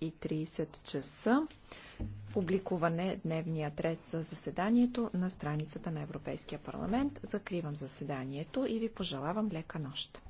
и 30 часа. Публикуване дневния ред за заседанието на страницата на Европейския парламент. Закривам заседанието и ви пожелавам лека нощ.